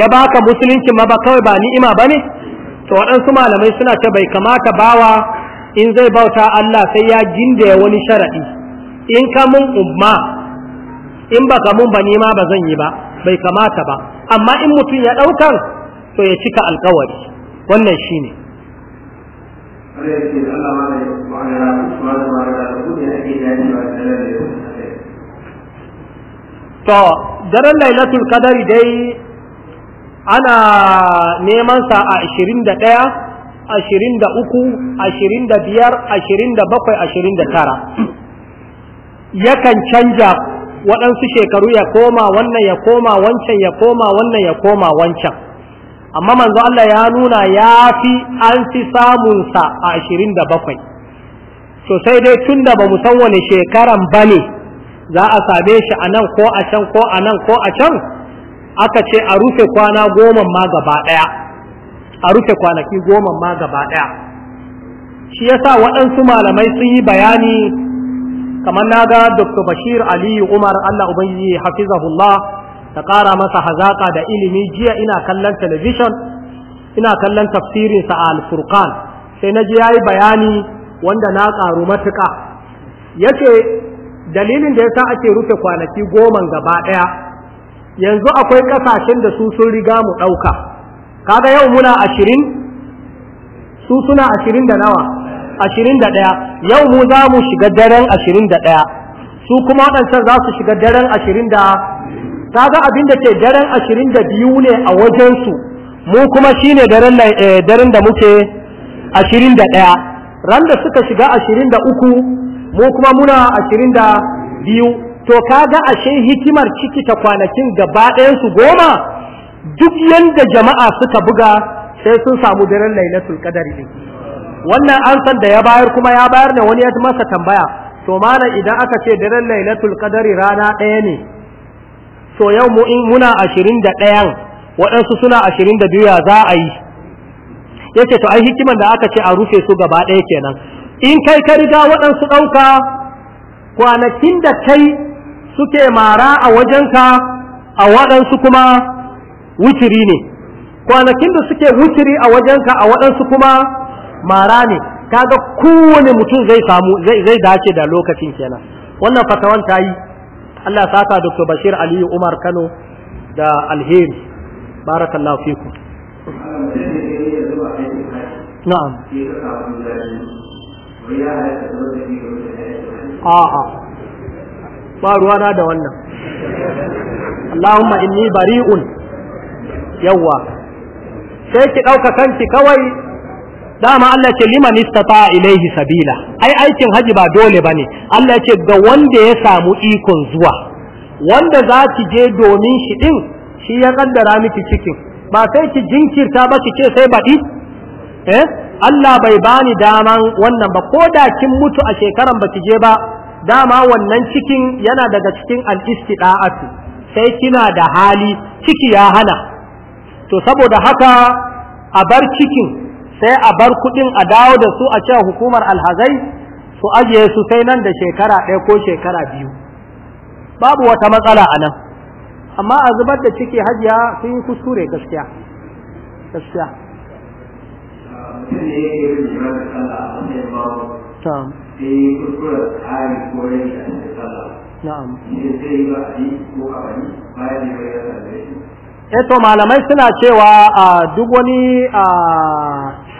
ya baka musulunci ma ba kawai ba ni'ima ba ne? to waɗansu malamai suna ce bai kamata bawa in zai bauta Allah sai ya ya wani shara'i. in ka mun umma in baka mun ba ni ma ba zan yi ba bai kamata ba amma in mutum ya ɗaukan To ya cika alkawari wannan shi ne to daren lailatul kadari dai ana neman sa a 21 23 25 27 ya yakan canja waɗansu shekaru ya koma wannan ya koma wancan ya koma wannan ya koma wancan amma manzo Allah ya nuna ya fi an fi sa a ashirin da bakwai Sosai sai dai tun da ba san wani shekaran bane ne za a same shi a nan ko a can ko a nan ko a can aka ce a rufe kwana goma ma gaba ɗaya a rufe kwanaki goma ma gaba ɗaya shi yasa waɗansu malamai sun yi bayani kamar naga ga dr bashir aliyu umar allah ubangiji hafizahullah ta ƙara masa hazaƙa da ilimi jiya ina kallon television ina kallon tafsirinsa a alfurkan sai na ji ya yi bayani wanda na ƙaru matuƙa ya ce dalilin da ya sa ake rufe kwanaki goman gaba ɗaya yanzu akwai ƙasashen da su sun riga mu ɗauka kaga yau muna ashirin su suna ashirin da nawa ashirin da ɗaya yau mu za mu shiga daren ashirin da ɗaya su kuma waɗancan za su shiga daren ashirin da kaga abin da ke daren ashirin da biyu ne a wajensu mu kuma shine eh, daren da muke ashirin da ɗaya ran da suka shiga ashirin da uku mu kuma muna ashirin da biyu to kaga ashe hikimar ciki ta kwanakin gaba ɗayansu goma duk yadda jama'a suka buga sai sun samu daren lailatul kadari ne wannan an san da ya bayar kuma ya bayar ne wani ya masa tambaya to mana idan aka ce daren lailatul kadari rana ɗaya ne to yau mu in muna ashirin da ɗayan waɗansu suna ashirin da biyu ya za a yi ya ce to ai hikiman da aka ce a rufe su gaba ɗaya kenan in kai ka riga waɗansu ɗauka kwanakin da kai suke mara a wajenka a waɗansu kuma wuturi ne kwanakin da suke wuturi a wajenka a waɗansu kuma mara ne kaga kowane mutum zai samu zai dace da lokacin kenan wannan fatawan ta yi Allah sa Dr. Bashir Aliyu Umar Kano da alheri barakallahu fiku na'am a'a ba na da wannan Allahumma inni bari'un yawwa sai ki ɗauka kanki kawai dama Allah ce liman istata ilaihi sabila ai aikin haji ba dole bane Allah ce ga wanda ya samu ikon zuwa wanda za ki je domin shi din shi ya kaddara miki cikin ba sai ki jinkirta ba ki ce sai baɗi eh Allah bai bani daman wannan ba ko da kin mutu a shekaran ba ki je ba dama wannan cikin yana daga cikin al-istida'atu sai kina da hali ciki ya hana to saboda haka a bar cikin sai a bar kuɗin a dawo da su a cewa hukumar alhazai su ajiye su sai nan da shekara ɗaya ko shekara biyu babu wata matsala a nan amma a zubar da ciki hajiya sun yi kuskure gaskiya gaskiya na'am eto eh malamai suna cewa a ah, duk wani ah,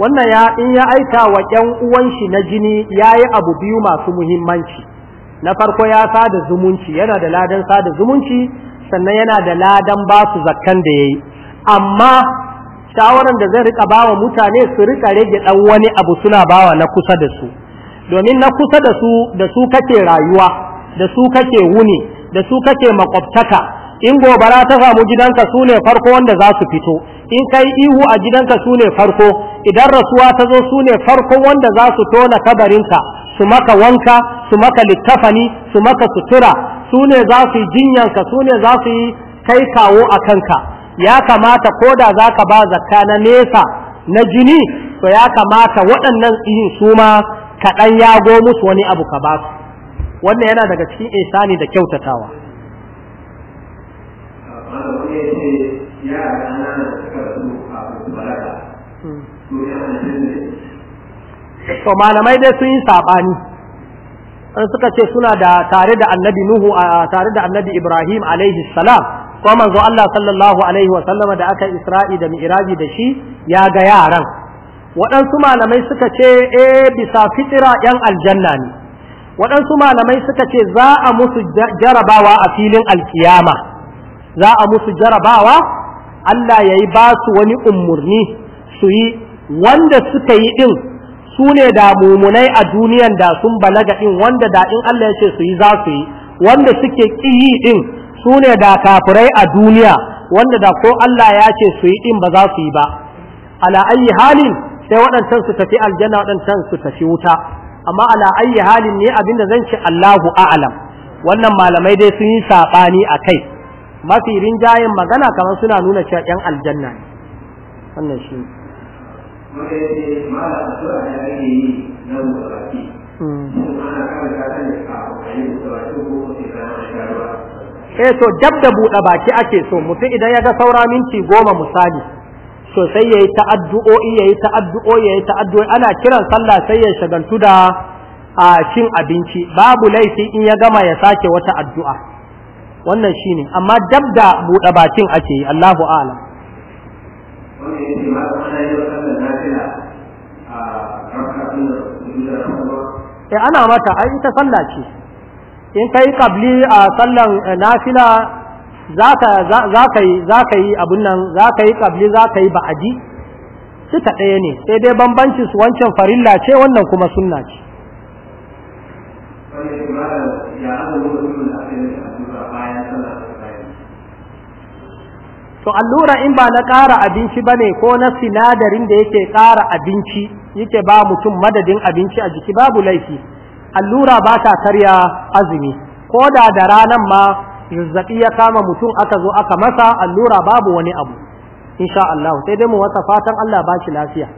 wannan ya in ya aika wa ƴan uwan shi na jini yayi abu biyu masu muhimmanci na farko ya sada zumunci yana da ladan sada zumunci sannan yana da ladan ba su zakkan da yayi amma shawaran da zai rika bawa mutane su rika rage dan wani abu suna bawa na kusa da su domin na kusa da su da su kake rayuwa da su kake wuni da su kake makwabtaka in gobara ta samu gidanka su ne farko wanda za su fito in kai ihu a gidanka su ne farko idan rasuwa ta zo su ne farkon wanda za su tona kabarinka su maka wanka su maka littafani su maka sutura su ne za su yi jinyanka su ne za su yi kai kawo a kanka ya kamata ko da za ka ba zakka na nesa na jini to ya kamata waɗannan tsihin su ma kaɗan yago musu wani abu ka ba su wannan yana daga cikin insani da kyautatawa to malamai dai sun yi saɓani an suka ce suna da tare da annabi nuhu a tare da annabi ibrahim alaihi salam ko manzo Allah sallallahu alaihi wa sallama da aka isra'i da mi'raji da shi ya ga yaran waɗansu malamai suka ce eh bisa fitira yan aljanna ne waɗansu malamai suka ce za a musu jarabawa a filin alkiyama za a musu jarabawa Allah yayi yi ba su wani umarni su yi wanda suka yi din su ne da mumunai a duniyan da sun balaga din wanda da in Allah ya ce su yi za su yi wanda suke yi din su ne da kafirai a duniya wanda da ko Allah ya ce su yi din ba za su yi ba ala ayi halin sai waɗancan su tafi aljanna waɗancan su tafi wuta amma ala ayi halin ne abinda zan ce Allahu a'lam wannan malamai dai sun yi saɓani a kai mafi rinjayen magana kamar suna nuna cewa 'yan aljanna wannan shi muka yace mala yi na eh to dab da buɗe baki ake so mutum idan ya ga saura minti goma misali to sai yayi ta'addu'o'i oh, yayi ta'addu'o'i oh, yayi ta'addu'o'i ana kiran sallah sai ya shagaltu da a ah, cin abinci babu laifi in ya gama ya sake wata addu'a wannan shine amma dab da buɗe bakin ake yi Allahu a'lam eh ana mata a ita salla ce in kai qabli a sallan eh, nafila za ka yi ka yi abun nan za ka yi qabli ka yi ba'adi cika ɗaya ne sai dai bambancin su wancan farilla ce wannan kuma sunna ce to allura in ba na ƙara abinci ba ne ko na sinadarin da yake ƙara abinci yake ba mutum madadin abinci a jiki babu laifi allura ba ta karya azumi ko da da ranan ma zazzaɓi ya kama mutum aka zo aka masa allura babu wani abu insha Allah sai dai mu wata fatan Allah ba shi lafiya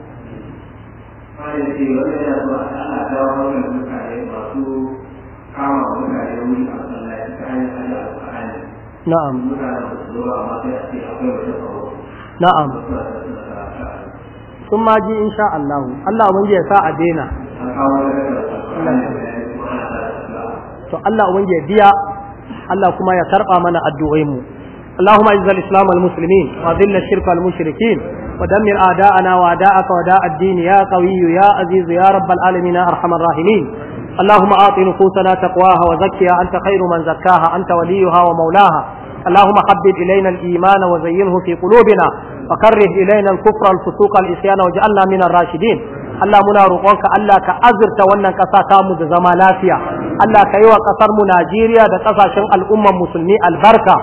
kama نعم نعم ثم اجي ان شاء الله الله من جهه ساعه دينا to Allah wani ya biya Allah kuma ya karba mana addu'oyin mu Allahumma izza al-islam al-muslimin wa dhilla shirka al-mushrikin wa dammir a'da'ana wa da'aka wa daad ya kawiyu ya azizu ya rabb al-alamin arhamar rahimin اللهم اعط نفوسنا تقواها وزكها انت خير من زكاها انت وليها ومولاها اللهم حبب الينا الايمان وزينه في قلوبنا وكره الينا الكفر الفسوق العصيان واجعلنا من الراشدين Allah muna roƙonka Allah ka azurta wannan ƙasa mu da zama lafiya Allah ka yi wa ƙasar mu Najeriya da ƙasashen al'umman musulmi albarka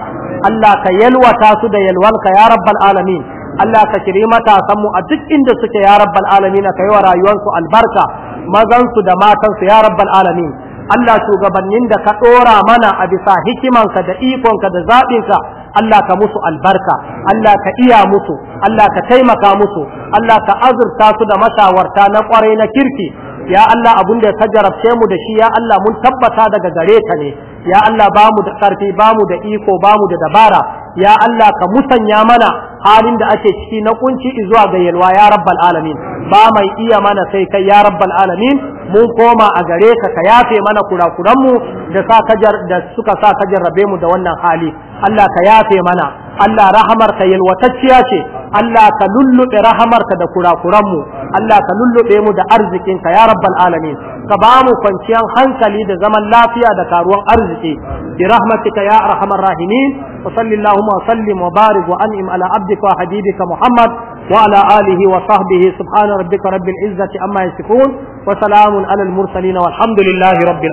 Allah ka yalwata su da yalwanka ya rabbal alamin Allah ka kiri matasan mu a duk inda suke ya rabbal alamin ka yi wa rayuwarsu albarka mazansu da matansu ya rabbal alamin Allah shugabannin da ka ɗora mana a bisa hikimanka da ikonka da zaɓinka Allah ka musu albarka Allah ka iya musu Allah ka taimaka musu Allah ka azurta su da mashawarta na ƙwarai na kirki ya Allah abin da ka jarabce mu da shi ya Allah mun tabbata daga gare ka ne ya Allah ba mu da ƙarfi ba mu da iko ba mu da dabara ya Allah ka musanya mana halin da ake ciki na kunci zuwa ga yalwa ya rabbal alamin ba mai iya mana sai kai ya rabbal alamin mun koma a gare ka ka yafe mana kurakuran mu da sa kajar da suka sa ka jarrabe mu da wannan hali Allah ka yafe mana Allah rahamar ka yalwatacciya ce Allah ka lullube rahamar ka da kurakuran mu Allah ka lullube mu da arzikin ka ya rabbal alamin ka ba mu kwanciyar hankali da zaman lafiya da karuwan arziki bi rahmatika ya arhamar rahimin wa sallallahu wa sallim wa barik wa an'im ala abdika wa habibika muhammad wa ala alihi wa sahbihi subhana rabbika rabbil izzati amma yasifun wa salamun ala al mursalin walhamdulillahi rabbil